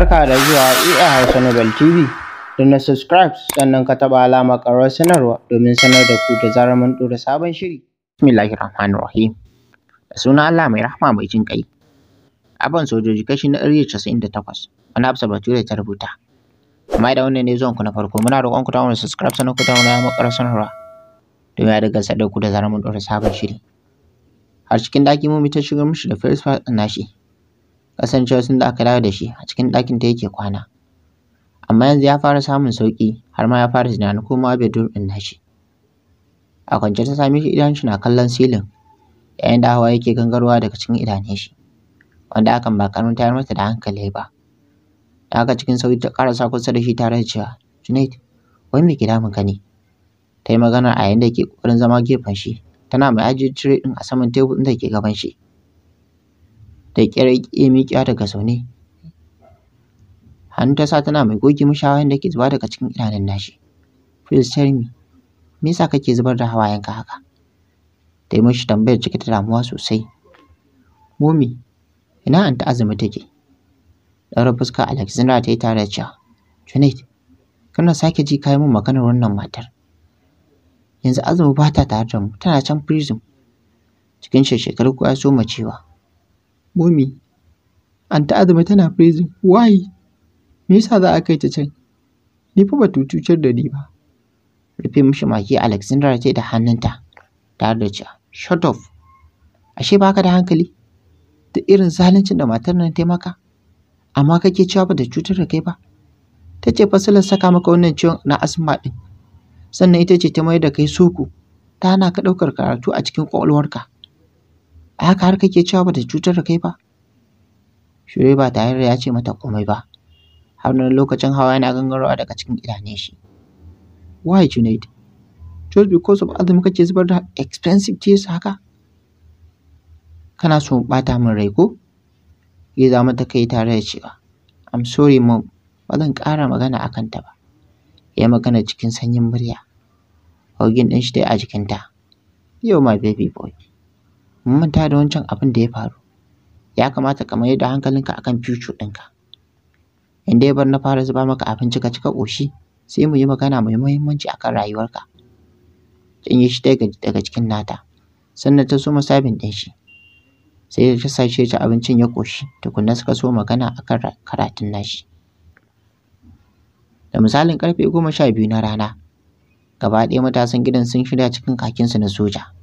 Barka da zuwa EA Hausa Nobel TV. Da na subscribe sannan ka taɓa alama ƙarar sanarwa domin sanar da ku da zarar mun ɗora sabon shiri. Bismillahir Rahmanir Rahim. Da suna Allah mai rahama mai jin kai Abin sojoji kashi na ɗari casa'in da takwas. Wani Hafsa Bature ta rubuta. Amma da wannan ne zuwan ku na farko muna roƙon ku ta wani subscribe sannan ku ta wani alama sanarwa. Domin ya daga sadar ku da zarar mun ɗora sabon shiri. Har cikin daki mun ta shigar mishi da first part nashi. kasance sun da aka dawo da shi a cikin ɗakin ta yake kwana amma yanzu ya fara samun sauƙi har ma ya fara tunanin komawa in na shi. a kwance ta same shi idan shi na kallon silin yayin da hawa yake gangarwa daga cikin idanun shi wanda hakan ba karamin tayar mata da hankali ba da haka cikin sauri ta sa kusa da shi tare da cewa Junaid wai me ke damun ka ta yi magana a yayin da ke ƙoƙarin zama gefen shi tana mai ajiye tire ɗin a saman tebur ɗin da ke gaban shi da ƙyar ya miƙewa daga zaune hannu ta sa tana mai goge mishi hawayen da ke zuba daga cikin idanun nashi please tell me me yasa kake zubar da hawayenka haka ta yi mishi tambayar ciki ta damuwa sosai momi ina an ta azumi take ɗaura fuska alexandra ta yi tare da cewa junaid kana sake ji kayan min maganar wannan matar yanzu azumi ba ta tare da mu tana can prison cikin shekaru kuwa ya so cewa Mummy, anti Azumi tana prison. Why? Me yasa za a kai ta can? Ni fa bata cutar da ni ba. Rufe mishi maki Alexandra ce da hannunta tare da cewa shut up. Ashe ka da hankali? Da irin zaluncin da matar nan ta maka. Amma kake cewa bata cutar da kai ba. Ta ce fasilar saka maka wannan ciwon na asma din. Sannan ita ce ta mai da kai soko. Ta hana ka ɗaukar karatu a cikin ƙwaƙwalwarka. a haka har kake cewa bata cutar da kai ba Shure ba tare da ya ce mata komai ba har wani lokacin hawa yana gangarowa daga cikin idanun shi why Junaid just because of azumi kake zubar da expensive tears haka kana so bata min rai ko ya za mata kai tare da cewa I'm sorry mom ba zan ƙara magana akan ta ba ya magana cikin sanyin murya Hogin ɗin shi dai a jikinta. Yo my baby boy. mun manta da wancan abin da ya faru ya kamata ka mayar da hankalinka akan future ɗinka in dai bar na fara zuba maka abinci ka cika ƙoshi sai mu yi magana mai muhimmanci akan rayuwarka in yi shi daga cikin nata sannan ta soma sabin ɗin shi sai ta sace ta abincin ya ƙoshi tukunna suka so magana akan karatun nashi da misalin karfe goma sha biyu na rana gaba ɗaya matasan gidan sun shirya cikin kakinsu na soja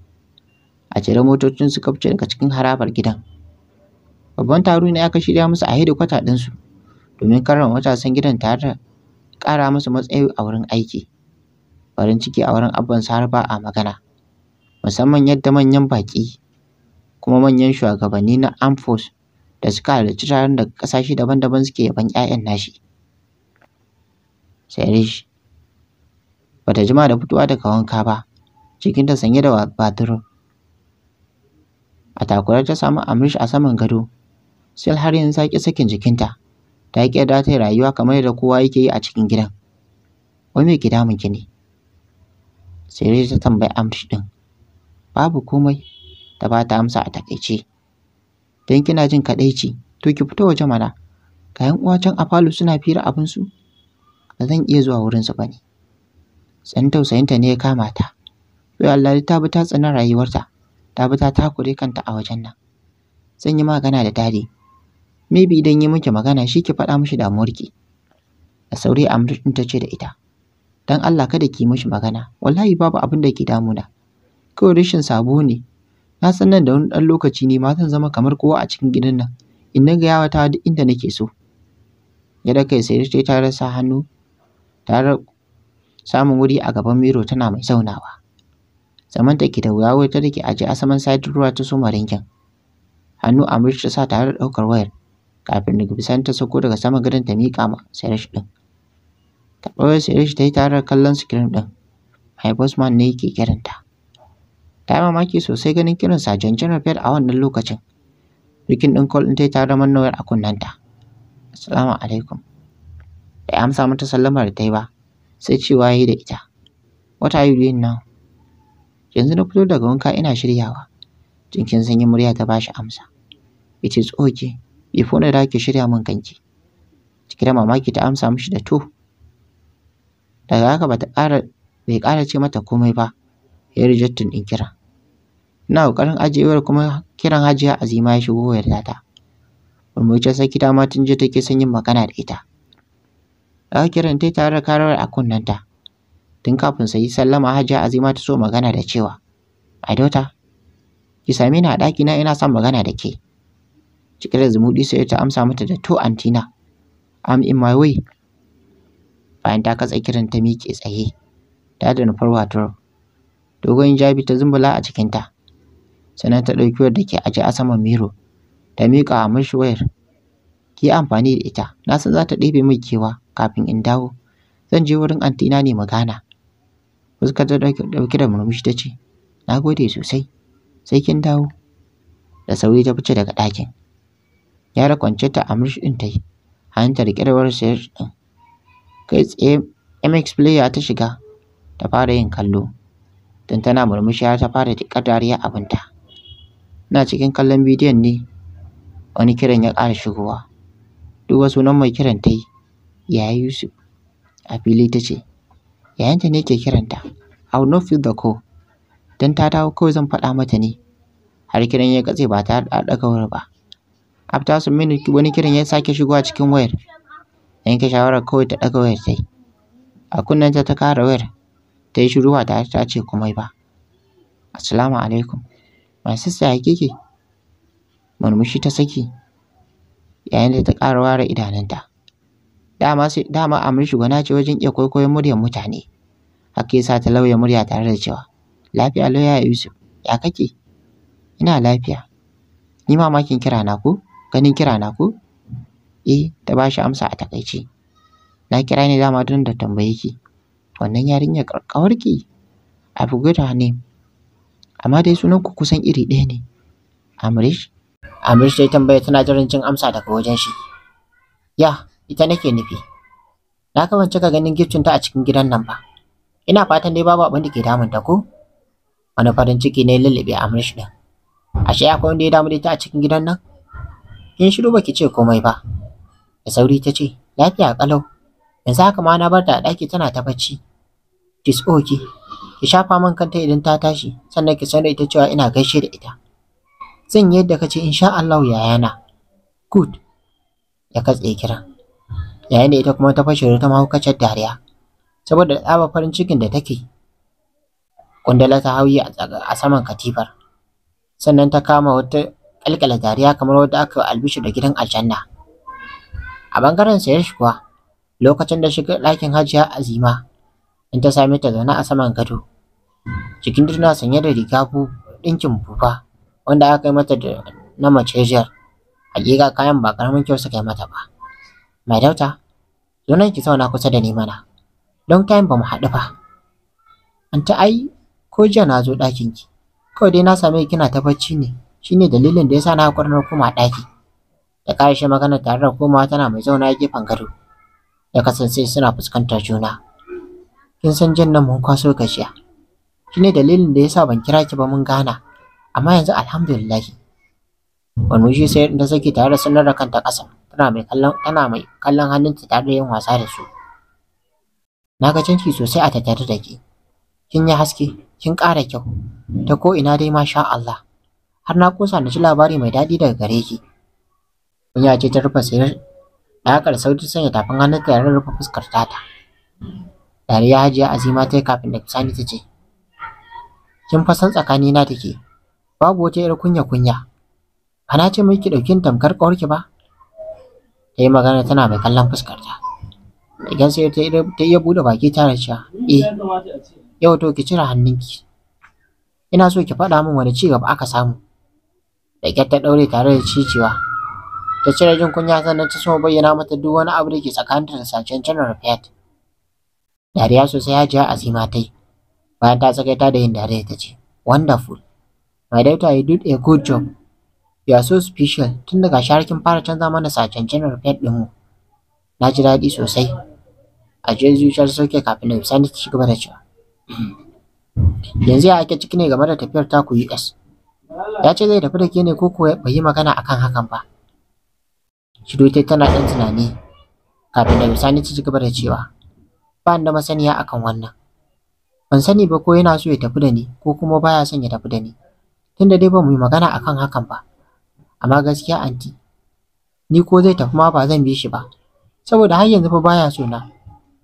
a jere motocin su kafce daga cikin harabar gidan babban taro ne aka shirya musu a hedikwata ɗinsu domin karrama matasan gidan tare da ƙara musu matsayi a wurin aiki farin ciki a wurin abban har ba a magana musamman yadda manyan baƙi kuma manyan shugabanni na Amfos da suka halarci taron daga ƙasashe daban-daban suke yaban 'ya'yan nashi Serish bata jima da fitowa daga wanka ba cikinta sanye da batir a takurar ta samu amrish a saman gado sai har yanzu ta ƙi sakin jikinta ta ƙi da ta rayuwa kamar yadda kowa yake yi a cikin gidan wai me ke damun ki ne sai ta tambayi amrish din babu komai ta ba ta amsa a takaice dan kina jin kadaici to ki fito waje mana kayan uwa can a suna fira abin su ba zan iya zuwa wurin su bane san tausayinta ne ya kamata. ta yau Allah ta bi ta tsana rayuwarta ta bi ta takure kanta a wajen nan zan yi magana da dadi maybe idan yi miki magana shi ki faɗa mishi damuwarki da sauri Amrit ta ce da ita dan Allah kada ki mishi magana wallahi babu abin da ke damuna kawai rashin sabo ne na san nan da wani ɗan lokaci ne ma zan zama kamar kowa a cikin gidan nan in na ga yawata duk inda nake so ya da kai sai ta rasa hannu tare samun wuri a gaban miro tana mai zaunawa zaman ke da wuya wai ta dake aje a saman sadin ruwa ta soma rinkin hannu a ta sa tare da ɗaukar wayar kafin daga bisan ta sauko daga saman gadon ta miƙa ma Sirish ɗin. Karɓar Sirish ta yi tare kallon sikirin ɗin. Mai Bosman ne yake kiranta. Ta yi mamaki sosai ganin kiran jan jan Fed a wannan lokacin. Rikin ɗin kol ɗin ta yi tare mannawar a ta Assalamu alaikum. Bai amsa mata sallamar da ta yi ba, sai cewa ya yi da ita. What are you doing now? yanzu na fito daga wanka ina shiryawa jinkin sanyin murya ta bashi amsa yace tsoke before na ake shirya min kanki ciki da mamaki ta amsa mishi da to daga haka bata bai ƙara ce mata komai ba ya rejectin din kira ina kokarin ajiyewar kuma kiran Hajiya Azima ya shigo wayar ta murmushi saki ta ma tun je take son yin magana da ita daga kiran ta tare da karawar a kunnanta tun kafin sai sallama hajiya azima ta so magana da cewa a dauta ki same ni a daki na ina son magana da ke Cikin da zumuɗi sai ta amsa mata da to antina am in my way bayan ta katsa kiran ta miƙe tsaye ta da nufar wato dogon jabi ta zumbula a cikin ta sannan ta dauki wadda ke aje a saman miro ta miƙa a mashi wayar ki amfani da ita na san za ta ɗebe min kewa kafin in dawo zan je wurin antina ne magana fuskar ta dauke da murmushi ta ce na gode sosai sai kin dawo da sauri ta fice daga ɗakin yara kwance ta amrish ɗin ta yi da kirwar sayar ɗin kai tsaye mx player ta shiga ta fara yin kallo don tana murmushi har ta fara tiƙar dariya abinta na cikin kallon bidiyon ne wani kiran ya ƙara shigowa duk sunan mai kiran ta yi yaya yusuf a fili ta ce yayanta ne ke kiranta I will not feel the call dan ta dawo kawai zan faɗa mata ne har kiran ya katse ba tare da ɗaga wayar ba after some minute wani kiran ya sake shigowa cikin wayar yanke shawarar kawai ta ɗaga wayar ta a kunnen ta kara wayar ta yi shiru ba tare ta ce komai ba assalamu alaikum my sister ya kike murmushi ta saki yayin da ta ƙara ware idanunta dama sai dama a ce wajen iya kwaikwayon muryar mutane haka yasa ta lauya murya tare da cewa lafiya lauya Yusuf ya kake ina lafiya ni mamakin kira na ko ganin kira na ko eh ta ba shi amsa a takaice na kira ne dama don da tambaye ki wannan karkawar ki a buguda ne amma dai sunan ku kusan iri ɗaya ne amrish amrish dai tambaya tana jiran cin amsa daga wajen shi ya ita nake nufi na ka ka ganin gifcin ta a cikin gidan nan ba ina fatan dai babu abin da ke damun ta ko wani farin ciki ne lullube amrish din ashe akwai wanda ya damu da ita a cikin gidan nan kin shiru baki ce komai ba da sauri ta ce lafiya kalau yanzu haka ma na bar ta a ɗaki tana ta bacci ki tsoki ki shafa man kanta idan ta tashi sannan ki da ita cewa ina gaishe da ita zan yi yadda kace insha Allah yayana good ya katse kiran yayin da ita kuma ta fashe ta mahaukacin dariya saboda tsaba farin cikin da take kundala ta hauyi a saman katifar sannan ta kama wata kalkala dariya kamar wadda aka albishi da gidan aljanna a bangaren sayar shi kuwa lokacin da shiga ɗakin hajiya azima in ta same ta zaune a saman gado cikin tana sanye da riga ɗinkin bufa wanda aka yi mata da na mace macejiyar hakika kayan ba karamin kyau suka yi mata ba Mai dauta, donan ki zauna kusa da ni mana, don kayan ba mu haɗu ba. An ta ai, ko jiya na zo ɗakin ki, kawai dai na same kina ta bacci ne, shine dalilin da yasa na haƙura kuma koma ɗaki. Da ƙarshe magana tare da komawa tana mai zauna gefen gado, ya kasance suna fuskantar juna. Kin san jin nan mun kwaso gajiya, shine dalilin da yasa ban kira ki ba mun gana, amma yanzu alhamdulillahi. Onushi sai da saki tare da sanar da kanta ƙasa, tana mai kallon tana mai kallon hannunta tare da yin wasa da su. Na ga canji sosai a tattare da ke. Kin yi haske, kin ƙara kyau, ta ko ina dai sha Allah. Har na kosa na ji labari mai daɗi daga gare ki. Kunya ce ta rufe sayar da haƙar sauti sanya tafin hannunta tare da rufe fuskar tata. Dariya Hajiya Azima ta yi kafin da Sani ta ce, Kin fasan tsakanina take, babu wata 'yar kunya-kunya. ba na ce mai ki ɗauki tamkar ƙawarki ba ta yi magana tana mai kallon fuskarta idan sai ta iya buɗe baki tana cewa eh yau to ki cire hannunki ina so ki faɗa min wani cigaba aka samu da ta ɗaure tare da cicewa ta cire jin kunya sannan ta so bayyana mata duk wani abu da ke tsakaninta da sacen janar fiat dariya sosai hajiya azima ta yi bayan ta tsagaita da yin dariya ta ce wonderful my daughter you did a good job Ya so special tun daga sharkin fara canza mana sacen janar pet ɗinmu. Na ji daɗi sosai. A je zuciyar sauke kafin da sani ta shiga da cewa. Hmm. Yanzu ya ake ciki ne game da tafiyar taku US. Ya ce zai tafi da ke ne ko ko bai yi magana akan hakan ba. Shiru tana ɗan tunani kafin da bisani ta gaba da cewa. Ba da masaniya akan wannan. ban sani ba ko yana so ya tafi da ni ko kuma baya son ya tafi da ni tunda dai ba mu yi magana akan hakan ba amma gaskiya anti ni ko zai tafi ma ba zan bi shi ba saboda har yanzu fa baya so na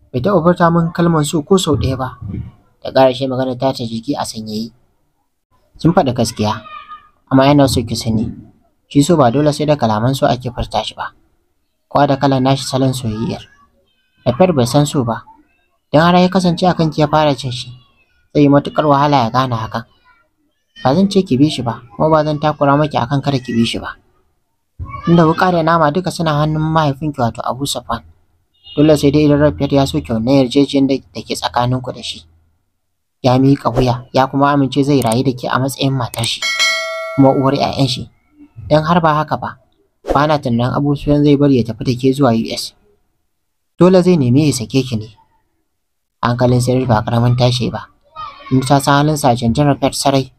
bai taɓa furta min kalmar so ko sau ɗaya ba da ƙarashe magana ta ta jiki a sanyayi. kin faɗi gaskiya amma yana so ki sani shi so ba dole sai da kalaman so ake furta shi ba kwa da kalan nashi salon soyayyar Lafiyar bai san so ba don har ya kasance akan ki ya fara cin shi zai yi matuƙar wahala ya gane hakan ba zan ce ki bi shi ba kuma ba zan takura maki akan kada ki bi shi ba inda wuka da nama duka suna hannun mahaifinki wato Abu Safwan dole sai dai idan Rafiyat ya so kyau na yarjejin da ke ku da shi ya mika wuya ya kuma amince zai rayu da ke a matsayin matar shi kuma uwar 'ya'yan shi dan har ba haka ba ba na tunanin abubuwan zai bari ya tafi da ke zuwa US dole zai nemi ya sake ki ne hankalin Sarif ba karamin tashi ba in ta san halin sajan janar sarai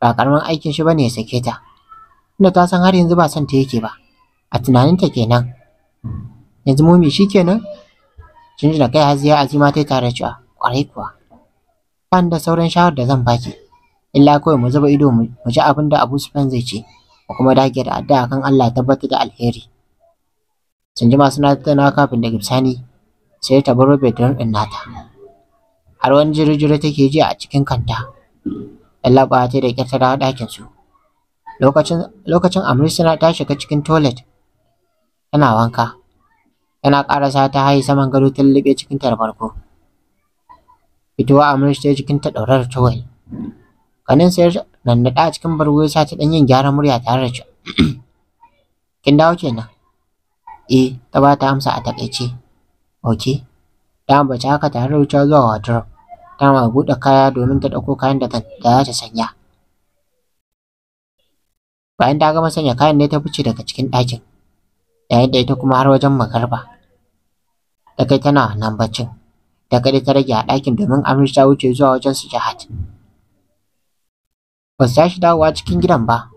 ba karamin aikin shi bane ya sake ta tunda ta san har yanzu ba son ta yake ba a tunaninta kenan yanzu momi shikenan na kai haziya azima ta tare cewa kwarai kuwa ban da sauran shawar da zan baki illa kawai mu zuba ido mu ji abin da Abu Sufyan zai ce mu kuma dage da addu'a kan Allah tabbatar da alheri Sun jima suna tattauna kafin da Gibsani sai ta bar bedroom din nata har wani jiri take ji a cikin kanta Yallaɓa ta da ƙyar ta dawo su. Lokacin lokacin suna ta shiga cikin toilet tana wanka. Tana ƙarasa ta haye saman gado ta lulluɓe cikin tarbarko. da Fitowa Amrish ta cikin ta ɗaure towel. Kanin sai nannaɗa a cikin barwo ya ta ɗan yin gyaran murya tare da Kin dawo kenan. Eh, ta ba ta amsa a taƙaice. Okay. Ta ambaci haka tare da wucewa zuwa wardrobe. dama buɗe kaya domin ta ɗauko kayan da za ta sanya. Bayan ta gama sanya kayan ne ta fice daga cikin ɗakin, yayin da ita kuma har wajen magarba. Da kai tana nan baccin, ta kai ta rage a ɗakin domin Amir wuce zuwa wajen su Jahat. Ba su tashi dawowa cikin gidan ba,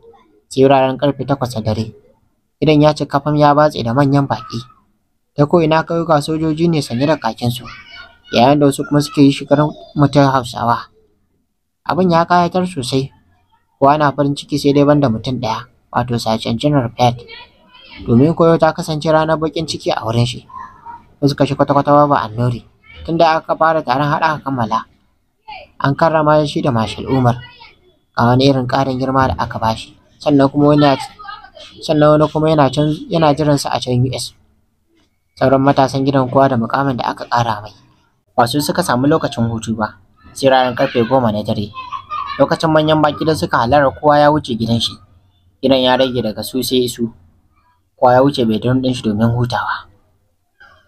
sai wuraren ƙarfe takwas da dare. Gidan ya ci kafam ya batse da manyan baƙi, ta ko'ina ga sojoji ne sanye da kakinsu. su. yayin da wasu kuma suke yi shigar mutum Hausawa. Abin ya kayatar sosai, kowa na farin ciki sai dai banda mutum ɗaya, wato sacen Janar Pet. Domin koyo ta kasance ranar bakin ciki a wurin shi, wasu kashe kwata-kwata babu annori. Tunda aka fara taron haɗa aka kammala, an karrama shi da Mashal Umar, a wani irin ƙarin girma da aka bashi. Sannan kuma wani sannan wani kuma yana can yana jiransa a can US. Sauran matasan gidan kowa da mukamin da aka ƙara mai. ba su suka samu lokacin hutu ba sai ranar karfe goma na dare lokacin manyan baki da suka halara kowa ya wuce gidan shi gidan ya rage daga su sai su kowa ya wuce bedroom ɗin shi domin hutawa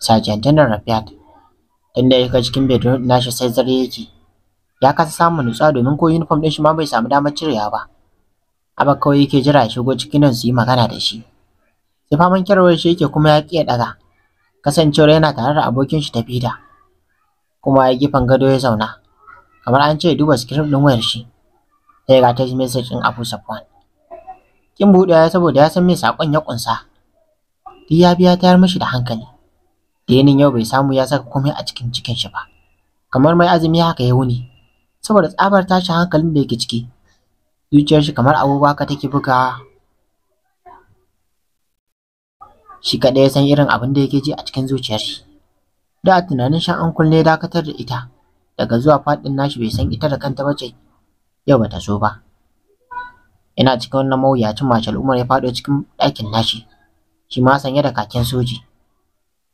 sajantanar rafiat inda ya kai cikin bedroom shi sai zare yake ya kasa samun nutsuwa domin ko uniform ɗin shi ma bai samu damar cirewa ba Haba kawai yake jira ya shigo cikin nan su yi magana da shi sai faman kyarwar shi yake kuma ya ƙi ya ɗaga kasancewar yana tare da abokin shi tafida kuma ya gefen gado ya zauna kamar an ce duba sikirim ɗin wayar shi sai ga text message ɗin Abu Safwan kin ya saboda ya san me sakon ya kunsa duk ya biya tayar mishi da hankali da yau bai samu ya saka komai a cikin cikin shi ba kamar mai azumi haka ya wuni saboda tsabar tashi, hankalin da yake ciki zuciyar shi kamar abubuwa ka take buga shi kaɗai ya san irin abin da yake ji a cikin zuciyar shi da tunanin shan an kulle dakatar da ita daga zuwa faɗin nashi bai san ita da kanta bace yau bata so ba ina cikin wannan mawuyacin mashal umar ya faɗo cikin ɗakin nashi shi ma sanye da kakin soji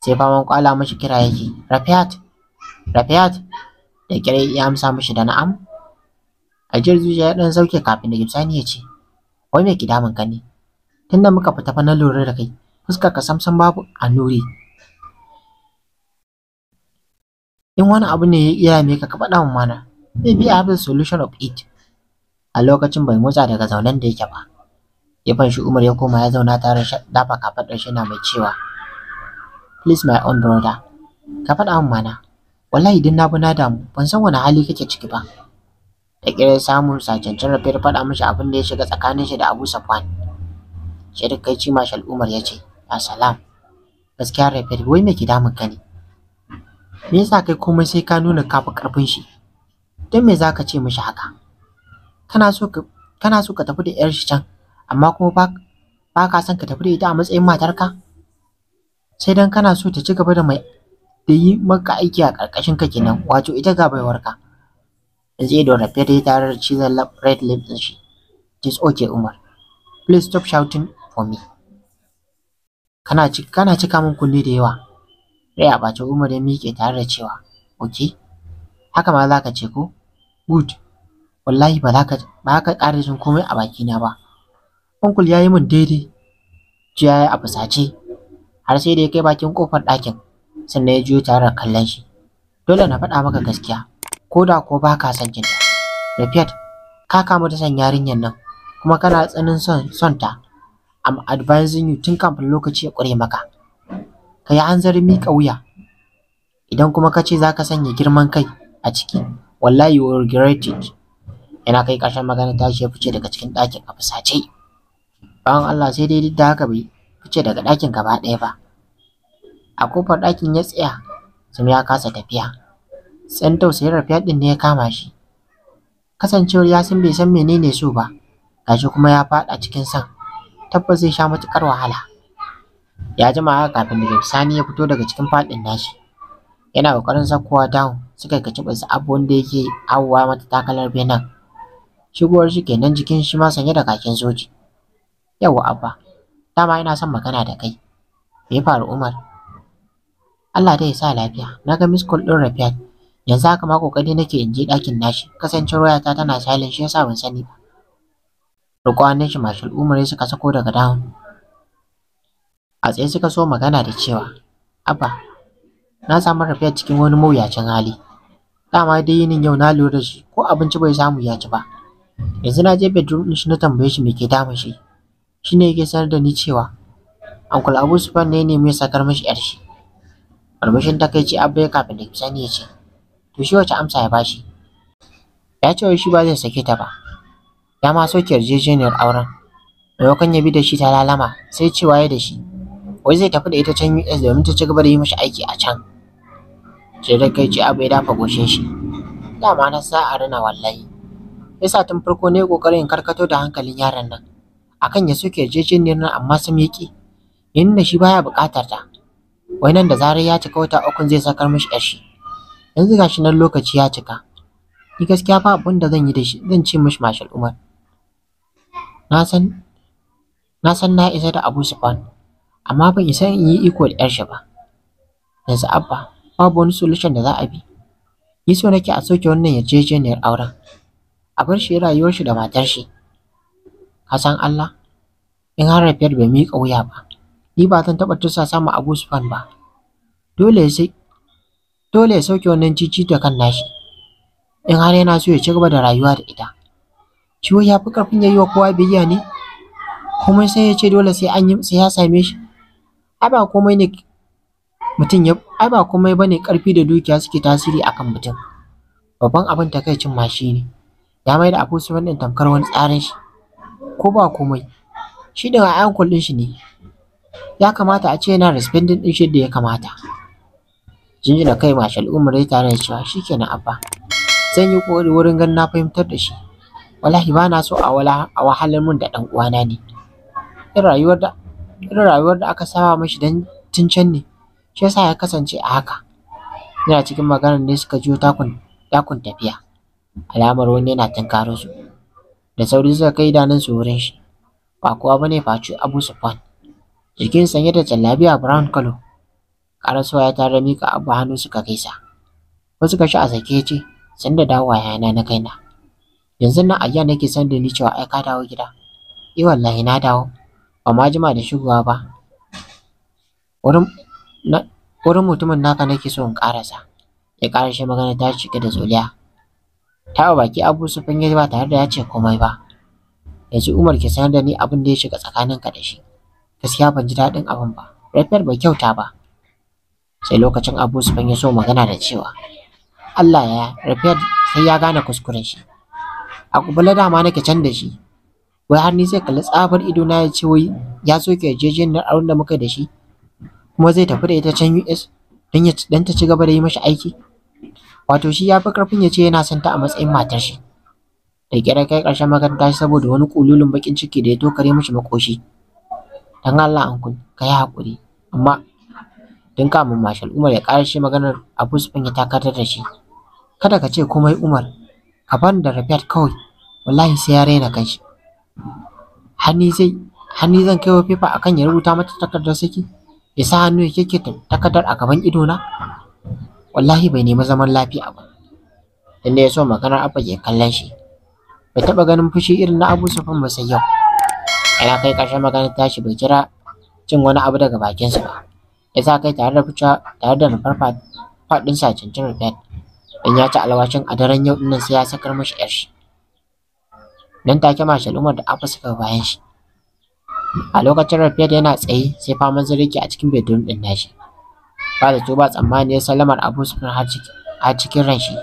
sai faman kwala mashi kira yake rafiat rafiat da kira ya amsa mashi da na'am ajiyar zuciya ya ɗan sauke kafin da gibsani ya ce wai me ki damun ka ne tunda muka fita fa na lura da kai fuska ka samsam babu a nuri in wani abu ne ya iya ka ka faɗa min mana maybe I have a solution of it a lokacin bai motsa daga zaunen da yake ba ya fanshi Umar ya koma ya zauna tare dafa kafaɗar shi na mai cewa please my own brother ka faɗa min mana wallahi idan na bi na damu ban san wani hali kake ciki ba da kira samun sacancin rafe ya faɗa mishi abin da ya shiga tsakanin shi da Abu Safwan shi da Umar ya ce assalam gaskiya rafe wai mai ke damun ka ne me yasa kai komai sai ka nuna kafa ƙarfin shi don me zaka ce mishi haka kana so ka kana so ka tafi da yar shi can amma kuma ba ba ka son ka tafi da ita a matsayin matarka sai dan kana so ta ci gaba da mai da yi maka aiki a ƙarƙashin ka kenan wato ita ga baiwarka zai da tare da tarar cizon red lips din shi it's okay Umar please stop shouting for me kana ci kana cika min kunne da yawa Rai a Umar ya miƙe tare da cewa, Oke, haka ma za ka ce ko? Good, wallahi ba za ka ƙara jin komai a bakina ba. Onkul ya yi min daidai, jiya ya a fusace, har sai da ya kai bakin kofar ɗakin, sannan ya juyo tare da kallon shi. Dole na faɗa maka gaskiya, ko da ko ba ka son jinta. Rafiat, ka kamu da son yarinyar nan, kuma kana tsanin son ta. I'm advising you tun kafin lokaci ya ƙure maka. ka yi hanzarin miƙa wuya idan kuma ka ce za ka sanya girman kai a ciki wallahi you will regret it yana kai ƙarshen magana ta shi ya fice daga cikin ɗakin a fusace bawan Allah sai dai duk da haka bai fice daga ɗakin gaba ɗaya ba a kofar ɗakin ya tsaya sun ya kasa tafiya tsan tausayi rafiya ɗin ne ya kama shi kasancewar yasin bai san menene so ba gashi kuma ya faɗa cikin san tabbas zai sha matuƙar wahala Ya jima kafin da sani ya fito daga cikin faɗin nashi. Yana kokarin sakkowa down suka kaci bisa abu wanda yake awwa mata takalar benin. Shigowar shi kenan jikin shi ma sanye da kakin soji. yawa abba, dama ina son magana da kai. Me ya faru Umar? Allah dai ya sa lafiya. Na ga miss call ɗin rafiya Yanzu haka ma kokari nake in je ɗakin nashi. Kasancewar wayata tana silent shi yasa ban sani ba. Riƙo shi Marshal Umar suka sako daga down. a tsaye suka so magana da cewa abba na samu rafiya cikin wani mawuyacin hali dama dai yinin yau na lura da shi ko abinci bai samu ya ci ba yanzu na je bedroom din shi na tambaye shi me ke damun shi shine yake sanar da ni cewa Uncle Abu ya ne ne mai sakar mashi yar shi Armashin takaici abba ya kafin da sani ya ce to shi wace amsa ya bashi ya ce shi ba zai sake ta ba ya ma soke yarjejeniyar auren maimakon ya bi da shi ta lalama sai cewa ya da shi wai zai tafi da ita can US domin ta ci gaba da yi mashi aiki a can. Sai da kai ce abu ya dafa goshin shi. Dama na sa'a rana wallahi. Yasa tun farko ne kokarin karkato da hankalin yaron nan. Akan ya suke yarjejeniyar nan amma sun yaki. inda shi baya buƙatar ta. Wai nan da zarar ya cika wata ukun zai sakar mishi yar shi. Yanzu gashi nan lokaci ya cika. Ni gaskiya ba abin da zan yi da shi zan ci mishi mashal Umar. Na san na san na isa da Abu Sufan. amma ban isa in yi iko da 'yar shi ba yanzu abba babu wani solution da za a bi ni so nake a soke wannan yarjejeniyar auren a bar shi rayuwar shi da matar shi ka san Allah in har Rafiyar bai mika wuya ba ni ba zan taɓa tusa sama Abu Sufan ba dole ya dole ya sauke wannan cici da kan nashi in har yana so ya ci gaba da rayuwa da ita ciwo ya fi ƙarfin yayi wa kowa biyayya ne kuma sai ya ce dole sai an sai ya same shi ai ba komai ne mutum ya ai ba komai bane ƙarfi da dukiya suke tasiri akan mutum babban abin takaicin ma shi ne ya mai da abu su tamkar wani tsarin shi ko ba komai shi da a ankul shi ne ya kamata a ce yana responding ɗin shi da ya kamata jinjina kai mashal umar ya tare da cewa shikenan abba zan yi ƙoƙari wurin ganin na fahimtar da shi wallahi bana so a wahalar mun da dan uwana ne in rayuwar da irin rayuwar da aka saba mashi dan tun can ne shi yasa ya kasance a haka yana cikin maganar ne suka jiyo takun takun tafiya alamar wani yana tinkaro su da sauri suka kai idanun su wurin shi ba kowa bane face Abu Sufyan jikin sanye da jallabiya brown color karasuwa ya tare mika abu hannu suka gaisa wasu kashi a sake ya ce sun da dawowa yana na kaina yanzu nan ayyana nake san da ni cewa ai dawo gida eh wallahi na dawo ba ma jima da shigowa ba wurin wurin mutumin naka nake so in ƙarasa ya shi magana ta cike da zoliya ta ba baki abu su ya ba tare da ya ce komai ba yanzu umar ke sanar da ni abin da ya shiga tsakaninka da shi gaskiya ban ji daɗin abin ba rafiyar bai kyauta ba sai lokacin abu su ya so magana da cewa Allah ya rafiyar sai ya gane kuskuren shi a kubula dama nake can da shi wai har ni zai kalli tsabar ido na ya ce wai ya soke yarjejeniyar aron da muka da shi kuma zai tafi da ita can US don ya dan ta ci gaba da yi mashi aiki wato shi ya fi karfin ya ce yana son ta a matsayin matar shi da kira kai ƙarshen makaranta saboda wani kululun bakin ciki da ya tokare mishi makoshi dan Allah an ka yi hakuri amma don kamun mashal Umar ya karshe maganar Abu Sufyan ya takatar da shi kada ka ce komai Umar ka bani da Rabiat kawai wallahi sai ya raina kanshi Hanni zai hannu zan kai wa fefa akan ya rubuta mata takardar saki ya sa hannu ya keke takardar a gaban na wallahi bai nemi zaman lafiya ba inda ya so maganar abba ke kallon shi bai taɓa ganin fushi irin na abu sufan ba sai yau ina kai ƙarshen maganar tashi bai kira cin wani abu daga sa ba ya sa kai tare da fice tare da nufar fadin a cancan rufet in ya ci alwashin a daren yau ɗinnan sai ya sakar mashi 'yar shi nan take mashal Umar da Abba suka bayan shi a lokacin Rafiyat yana tsaye sai faman zirki a cikin bedroom din nashi ba da ba tsammani ya sallamar Abu Sufyan har cikin har cikin ran shi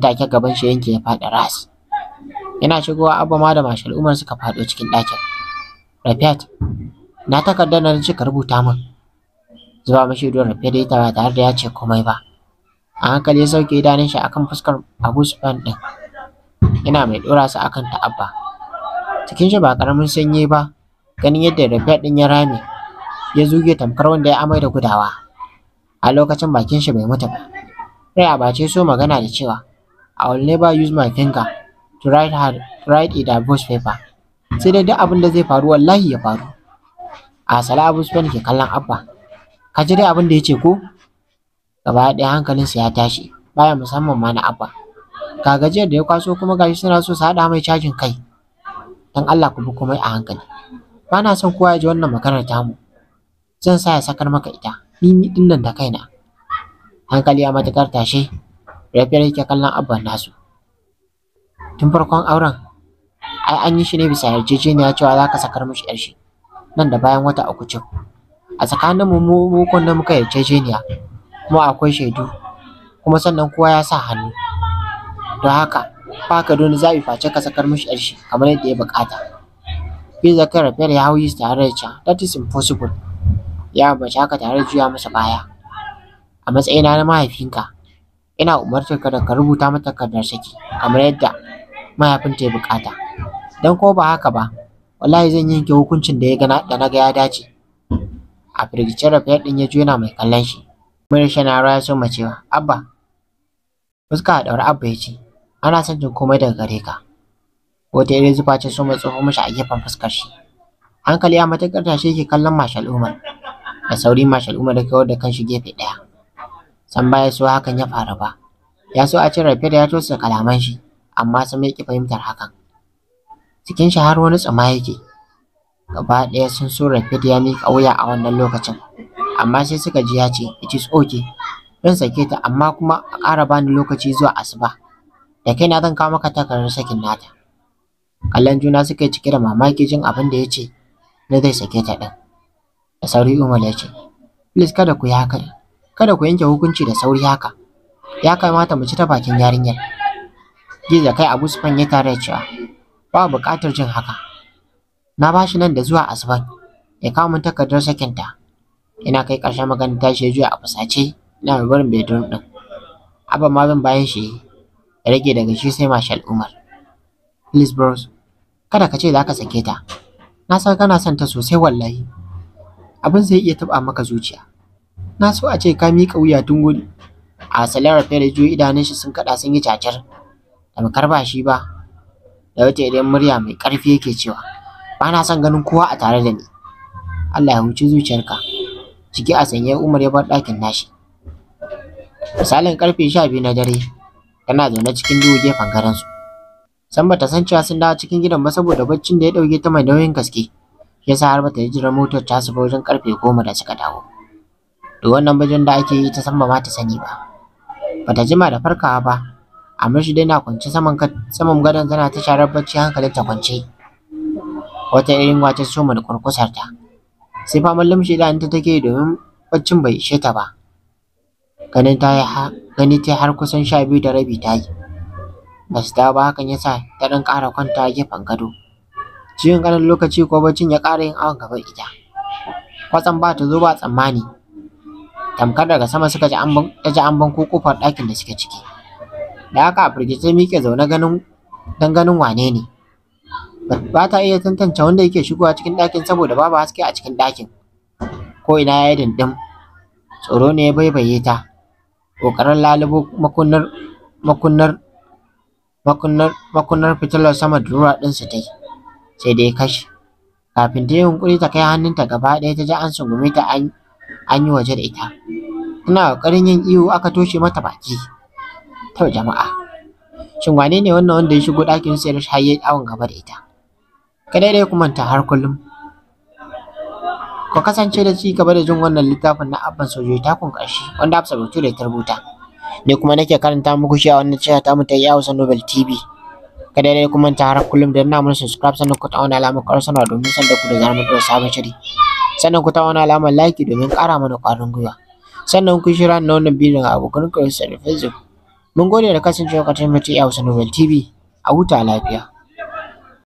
take gaban shi yanke ya faɗi ras yana shigowa abu ma da mashal Umar suka faɗo cikin ɗakin rafiya na takardar nan cika rubuta min zuba mashi don da ya ba tare da ya ce komai ba a hankali ya sauke idanun shi akan fuskar Abu Sufyan din yana mai ɗora su akan ta'abba. Cikin shi ba ƙaramin sanyi ba, ganin yadda Rabi'a ɗin ya rame, ya zuge tamkar wanda ya amai da gudawa. A lokacin bakin shi bai mutu ba. Rai bace so magana da cewa, I will never use my finger to write, her, write a divorce paper. Sai dai duk abin da zai faru wallahi ya faru. A sala Abu Sufyan ke kallon Abba. Ka ji dai abin da ya ce ko? Gaba ɗaya hankalinsa ya tashi, baya musamman ma na Abba. ga gajiyar da ya kwaso kuma gashi suna so su haɗa mai cajin kai dan Allah ku bi komai a hankali ba na son kowa ya ji wannan maganar mu. zan sa ya sakar maka ita ni din nan da kaina hankali ya matukar tashe rafiyar yake kallon abban nasu tun farkon auren ai an yi shi ne bisa yarjejeniya cewa za ka sakar mishi yar shi nan da bayan wata uku ce. a tsakanin mu mu kun da muka yarjejeniya kuma akwai shaidu kuma sannan kowa ya sa hannu Don haka ba ka da wani zaɓi face ka sakar mishi ‘yar kamar yadda ya buƙata. Pizza kai rafiyar ya hau tare da cewa “That is impossible.” Ya ambaci haka tare da juya masa baya. “A matsayina na mahaifinka, ina ka da ka rubuta mata takardar saki kamar yadda mahaifinta ya buƙata. don ko ba haka ba, wallahi zan yanke hukuncin da ya na ga ya dace.” A firgice rafiyar ɗin ya ji yana mai kallon shi. Muryarsa na rawa ya soma cewa “Abba.” Fuska a Abba ya ce. ana son jin komai daga gare ka wata yi zufa ce so mai tsoho mashi a gefen fuskar shi hankali a matakar tashe yake kallon mashal umar da sauri mashal umar da kawar da kanshi gefe ɗaya san baya so hakan ya faru ba ya so a ce rafe da ya tosa kalaman shi amma sun yake fahimtar hakan cikin shi har wani tsama yake gaba ɗaya sun so rafe da ya miƙa wuya a wannan lokacin amma sai suka ji ya ce it is okay zan sake ta amma kuma a ƙara bani lokaci zuwa asuba da kaina zan kawo maka takardar sakin nata kallon juna suka yi cike da mamaki jin abin da ya ce na zai sake ta ɗin da sauri umar ya ce please kada ku yi haka kada ku yanke hukunci da sauri haka ya kamata mu ci ta bakin yarinyar da kai abu sufan ya tare cewa ba buƙatar jin haka na bashi nan da zuwa asuban ya kawo min takardar sakinta ina kai ƙarshen magana tashi ya juya a fusace ina barin bedroom ɗin abin ma zan bayan shi ya rage daga shi sai Marshal Umar. Please bros, kada ka ce za ka sake ta. Na san kana son ta sosai wallahi. Abin zai iya taɓa maka zuciya. Na so a ce ka miƙa wuya tun gudu. A salara fere juyo idanun shi sun kaɗa sun yi cacar. Tamkar ba shi ba. Da wata idan murya mai ƙarfi yake cewa, ba na son ganin kowa a tare da ni. Allah ya huci zuciyarka. Ciki a sanye Umar ya bar ɗakin nashi. Misalin ƙarfe sha biyu na dare, tana zaune cikin duhu gefen karansu. San bata san cewa sun dawo cikin gidan ba saboda baccin da ya ɗauke ta mai nauyin gaske. yasa har bata yi jiran motar ta su ba wajen karfe goma da suka dawo. To wannan bajin da ake yi ta san ba ma ta sani ba. Bata jima da farkawa ba, amma shi dai na kwance saman saman gadon tana ta sharar bacci hankalin ta kwance. Wata irin wata soma da kurkusar ta. Sai faman limshi da ta take domin baccin bai ishe ta ba. ganin ta yi ha gani ta har kusan sha biyu da rabi ta yi Basu ba hakan yasa ta ɗan ƙara kwanta gefen gado cikin ƙanan lokaci ko baccin ya ƙara yin awon gaban ita kwatsam ba ta zo ba tsammani tamkar daga sama suka ji an ta ji an ban kofar ɗakin da suke ciki da haka a firgice miƙe zaune ganin don ganin wane ne ba ta iya tantance wanda yake shigowa cikin ɗakin saboda babu haske a cikin ɗakin ko ina ya yi dindin tsoro ne ya baibaye ta ƙoƙarin lalubo makunar makunar makunar fitilar sama durura ɗinsu ta yi sai dai kashi kafin ta yi ta kai hannunta gaba ɗaya ta ji an sungume ta an yi waje da ita tana ƙoƙarin yin iyo aka toshe mata baki to jama'a shin wane ne wannan wanda ya shigo ɗakin sayar har yayi awon gaba da ita ka daidai kuma ta har kullum Ku kasance da ci gaba da jin wannan littafin na Abban Sojoji takun ƙarshe wanda Hafsa Bature ta rubuta. Ni kuma nake karanta muku shi a wannan cewa ta mu ta Hausa Nobel TV. Kada dai kuma ta har kullum da na mun subscribe sannan ku ta wani alamar ƙarar sanarwa domin sanda ku da zamu da sabon shiri. Sannan ku ta wani alamar like domin ƙara mana ƙwarin gwiwa. Sannan ku shira na wannan bidiyon a abokan kawai da Facebook. Mun gode da kasancewa ka a Hausa Nobel TV. A huta lafiya.